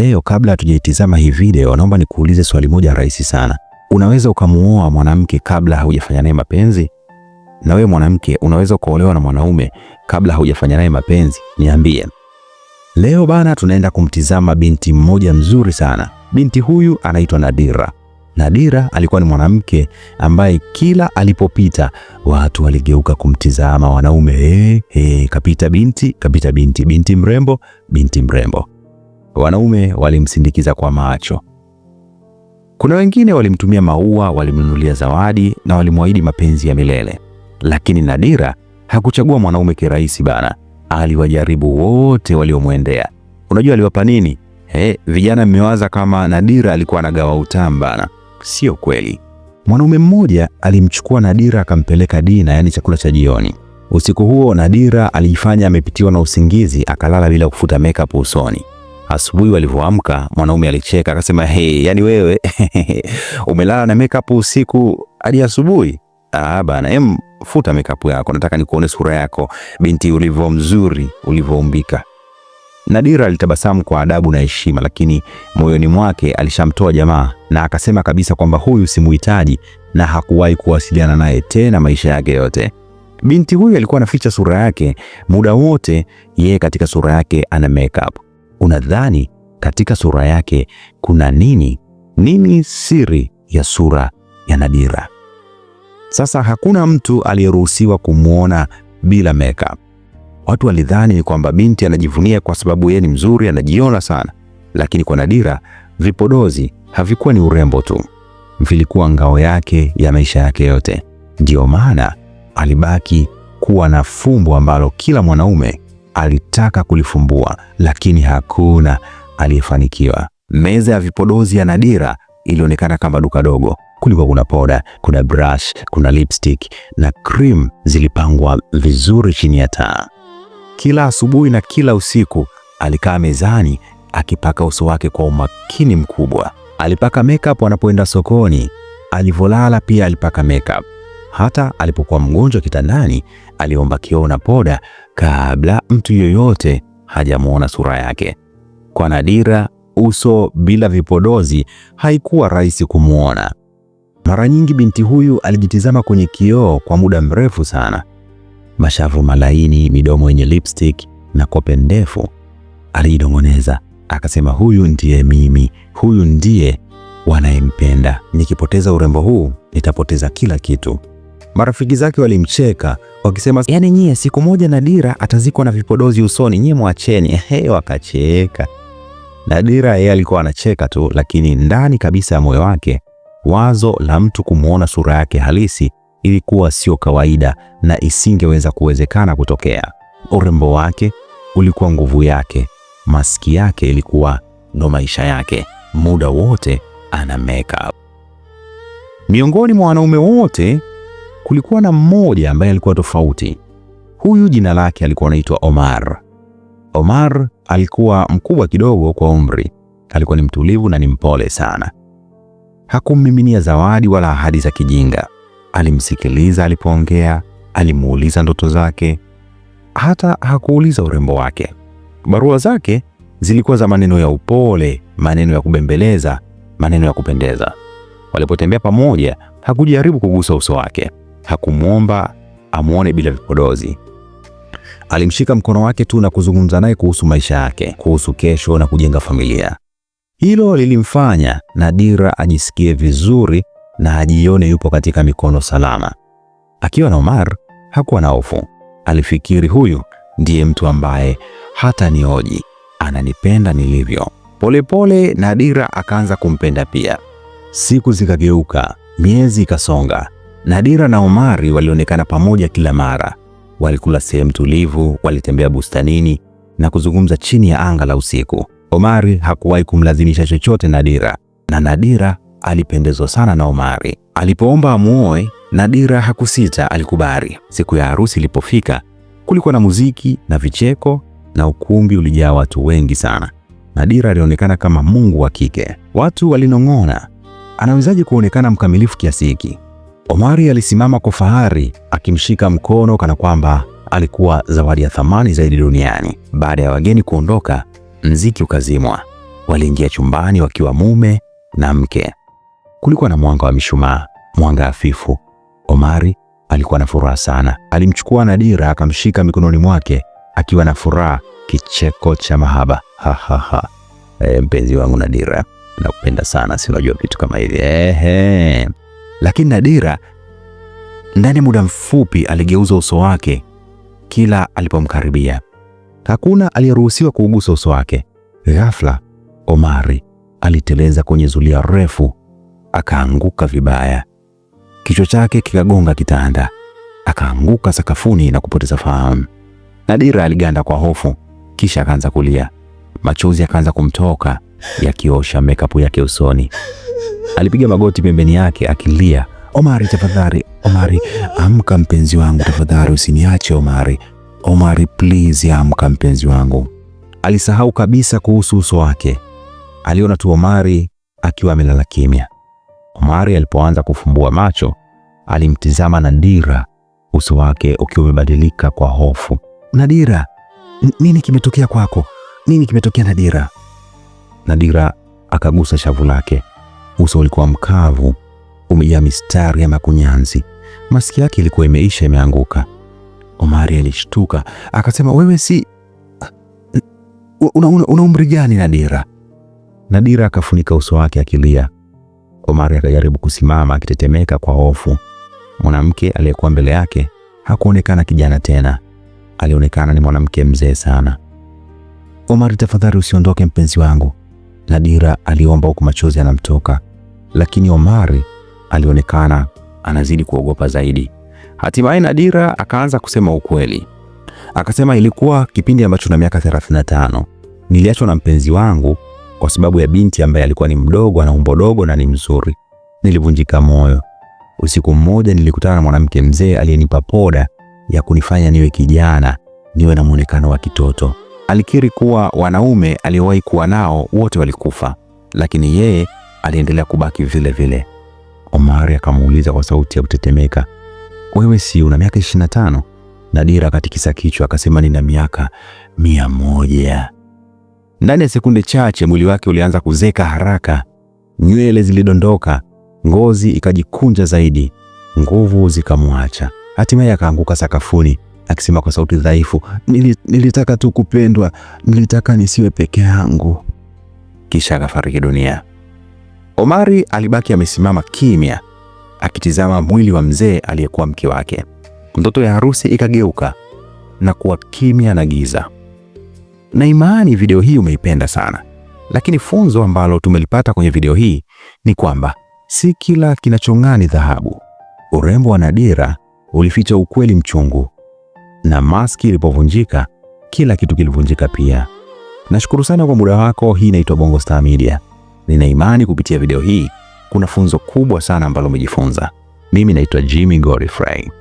leo, kabla hatujaitizama hii video, naomba nikuulize swali moja rahisi sana. Unaweza ukamuoa mwanamke kabla haujafanya naye mapenzi? Na wewe mwanamke, unaweza ukaolewa na mwanaume kabla haujafanya naye mapenzi? Niambie. Leo bana, tunaenda kumtizama binti mmoja mzuri sana. Binti huyu anaitwa Nadira. Nadira alikuwa ni mwanamke ambaye kila alipopita watu waligeuka kumtizama wanaume. Hey, hey, kapita binti, kapita binti, binti mrembo, binti mrembo. Wanaume walimsindikiza kwa macho. Kuna wengine walimtumia maua, walimnunulia zawadi na walimwahidi mapenzi ya milele. Lakini Nadira hakuchagua mwanaume kirahisi bana. Aliwajaribu wote waliomwendea. Unajua aliwapa nini? He, vijana mmewaza kama Nadira alikuwa anagawa utamu bana. Sio kweli. Mwanaume mmoja alimchukua Nadira akampeleka dina, yaani chakula cha jioni. Usiku huo Nadira alijifanya amepitiwa na usingizi, akalala bila kufuta makeup usoni. Asubuhi walivyoamka mwanaume alicheka akasema, hey, yani wewe umelala na makeup usiku hadi asubuhi? Ah bana, em futa makeup yako, nataka nikuone sura yako binti, ulivyo mzuri, ulivyoumbika. Nadira alitabasamu kwa adabu na heshima, lakini moyoni mwake alishamtoa jamaa na akasema kabisa kwamba huyu simuhitaji, na hakuwahi kuwasiliana naye tena maisha yake yote. Binti huyu alikuwa anaficha sura yake muda wote, yeye katika sura yake ana makeup. Unadhani katika sura yake kuna nini? Nini siri ya sura ya Nadira? Sasa hakuna mtu aliyeruhusiwa kumwona bila makeup. Watu walidhani kwamba binti anajivunia kwa sababu yeye ni mzuri, anajiona sana. Lakini kwa Nadira vipodozi havikuwa ni urembo tu, vilikuwa ngao yake ya maisha yake yote. Ndiyo maana alibaki kuwa na fumbo ambalo kila mwanaume alitaka kulifumbua, lakini hakuna aliyefanikiwa. Meza ya vipodozi ya Nadira ilionekana kama duka dogo. Kulikuwa kuna poda, kuna brush, kuna lipstick na cream zilipangwa vizuri chini ya taa. Kila asubuhi na kila usiku alikaa mezani akipaka uso wake kwa umakini mkubwa. Alipaka makeup anapoenda sokoni, alivyolala pia alipaka makeup. Hata alipokuwa mgonjwa kitandani aliomba kioo na poda kabla mtu yoyote hajamwona sura yake. Kwa Nadira, uso bila vipodozi haikuwa rahisi kumwona. Mara nyingi binti huyu alijitizama kwenye kioo kwa muda mrefu sana, mashavu malaini, midomo yenye lipstick na kope ndefu. Alijidongoneza akasema, huyu ndiye mimi, huyu ndiye wanayempenda. Nikipoteza urembo huu nitapoteza kila kitu. Marafiki zake walimcheka wakisema yani, nyie siku moja Nadira atazikwa na vipodozi usoni, nyie mwacheni. He, wakacheka. Nadira yeye alikuwa anacheka tu, lakini ndani kabisa ya moyo wake wazo la mtu kumwona sura yake halisi ilikuwa sio kawaida na isingeweza kuwezekana kutokea. Urembo wake ulikuwa nguvu yake, maski yake ilikuwa ndo maisha yake, muda wote ana makeup. Miongoni mwa wanaume wote Kulikuwa na mmoja ambaye alikuwa tofauti. Huyu jina lake alikuwa anaitwa Omar. Omar alikuwa mkubwa kidogo kwa umri, alikuwa ni mtulivu na ni mpole sana. Hakummiminia zawadi wala ahadi za kijinga. Alimsikiliza alipoongea, alimuuliza ndoto zake, hata hakuuliza urembo wake. Barua zake zilikuwa za maneno ya upole, maneno ya kubembeleza, maneno ya kupendeza. Walipotembea pamoja, hakujaribu kugusa uso wake hakumwomba amwone bila vipodozi. Alimshika mkono wake tu na kuzungumza naye kuhusu maisha yake, kuhusu kesho na kujenga familia. Hilo lilimfanya Nadira ajisikie vizuri na ajione yupo katika mikono salama. Akiwa na Omar hakuwa na hofu. Alifikiri huyu ndiye mtu ambaye hata nioji, ananipenda nilivyo. Polepole Nadira akaanza kumpenda pia. Siku zikageuka, miezi ikasonga. Nadira na Omari walionekana pamoja kila mara. Walikula sehemu tulivu, walitembea bustanini na kuzungumza chini ya anga la usiku. Omari hakuwahi kumlazimisha chochote Nadira, na Nadira alipendezwa sana na Omari. Alipoomba amuoe, Nadira hakusita, alikubali. Siku ya harusi ilipofika, kulikuwa na muziki na vicheko na ukumbi ulijaa watu wengi sana. Nadira alionekana kama mungu wa kike. Watu walinong'ona, anawezaje kuonekana mkamilifu kiasi hiki? Omari alisimama kwa fahari akimshika mkono kana kwamba alikuwa zawadi ya thamani zaidi duniani. Baada ya wageni kuondoka, mziki ukazimwa. Waliingia chumbani wakiwa mume na mke. Kulikuwa na mwanga wa mishumaa, mwanga hafifu. Omari alikuwa na furaha sana. Alimchukua Nadira akamshika mikononi mwake akiwa na furaha, kicheko cha mahaba. Ha, ha, ha. E, mpenzi wangu Nadira, nakupenda sana, si unajua vitu kama hivi. Ehe. Lakini Nadira ndani ya muda mfupi aligeuza uso wake kila alipomkaribia. Hakuna aliyeruhusiwa kuugusa uso wake. Ghafla Omari aliteleza kwenye zulia refu, akaanguka vibaya. Kichwa chake kikagonga kitanda, akaanguka sakafuni na kupoteza fahamu. Nadira aliganda kwa hofu, kisha akaanza kulia, machozi akaanza kumtoka yakiosha makeup yake usoni. Alipiga magoti pembeni yake akilia, Omari tafadhali, Omari amka mpenzi wangu, tafadhali usiniache Omari, Omari please amka mpenzi wangu. Alisahau kabisa kuhusu uso wake, aliona tu Omari akiwa amelala kimya. Omari alipoanza kufumbua macho alimtizama Nadira, uso wake ukiwa umebadilika kwa hofu. Nadira, nini kimetokea kwako? Nini kimetokea Nadira? Nadira akagusa shavu lake. Uso ulikuwa mkavu, umejaa mistari ya makunyanzi. Maski yake ilikuwa imeisha, imeanguka. Omari alishtuka akasema, wewe si uh, una, una, una umri gani Nadira? Nadira akafunika uso wake akilia. Omari akajaribu kusimama akitetemeka kwa hofu. Mwanamke aliyekuwa mbele yake hakuonekana kijana tena, alionekana ni mwanamke mzee sana. Omari, tafadhali usiondoke mpenzi wangu, Nadira aliomba huku machozi yanamtoka, lakini Omari alionekana anazidi kuogopa zaidi. Hatimaye Nadira akaanza kusema ukweli. Akasema, ilikuwa kipindi ambacho na miaka 35 niliachwa na mpenzi wangu kwa sababu ya binti ambaye alikuwa ni mdogo, ana umbo dogo na ni mzuri. Nilivunjika moyo. Usiku mmoja nilikutana na mwanamke mzee aliyenipa poda ya kunifanya niwe kijana, niwe na muonekano wa kitoto. Alikiri kuwa wanaume aliyowahi kuwa nao wote walikufa, lakini yeye aliendelea kubaki vile vile. Omari akamuuliza kwa sauti ya kutetemeka, wewe si una miaka 25? Nadira akatikisa kichwa akasema, nina miaka mia moja. Ndani ya sekunde chache mwili wake ulianza kuzeka haraka, nywele zilidondoka, ngozi ikajikunja zaidi, nguvu zikamwacha, hatimaye akaanguka sakafuni akisema kwa sauti dhaifu, nilitaka tu kupendwa, nilitaka nisiwe peke yangu. Kisha akafariki dunia. Omari alibaki amesimama kimya akitizama mwili wa mzee aliyekuwa mke wake. Ndoto ya harusi ikageuka na kuwa kimya na giza. Na imani video hii umeipenda sana, lakini funzo ambalo tumelipata kwenye video hii ni kwamba si kila kinachong'aa ni dhahabu. Urembo wa Nadira ulificha ukweli mchungu na maski ilipovunjika, kila kitu kilivunjika pia. Nashukuru sana kwa muda wako. Hii inaitwa Bongo Star Media. Nina imani kupitia video hii kuna funzo kubwa sana ambalo umejifunza. Mimi naitwa Jimmy Godfrey.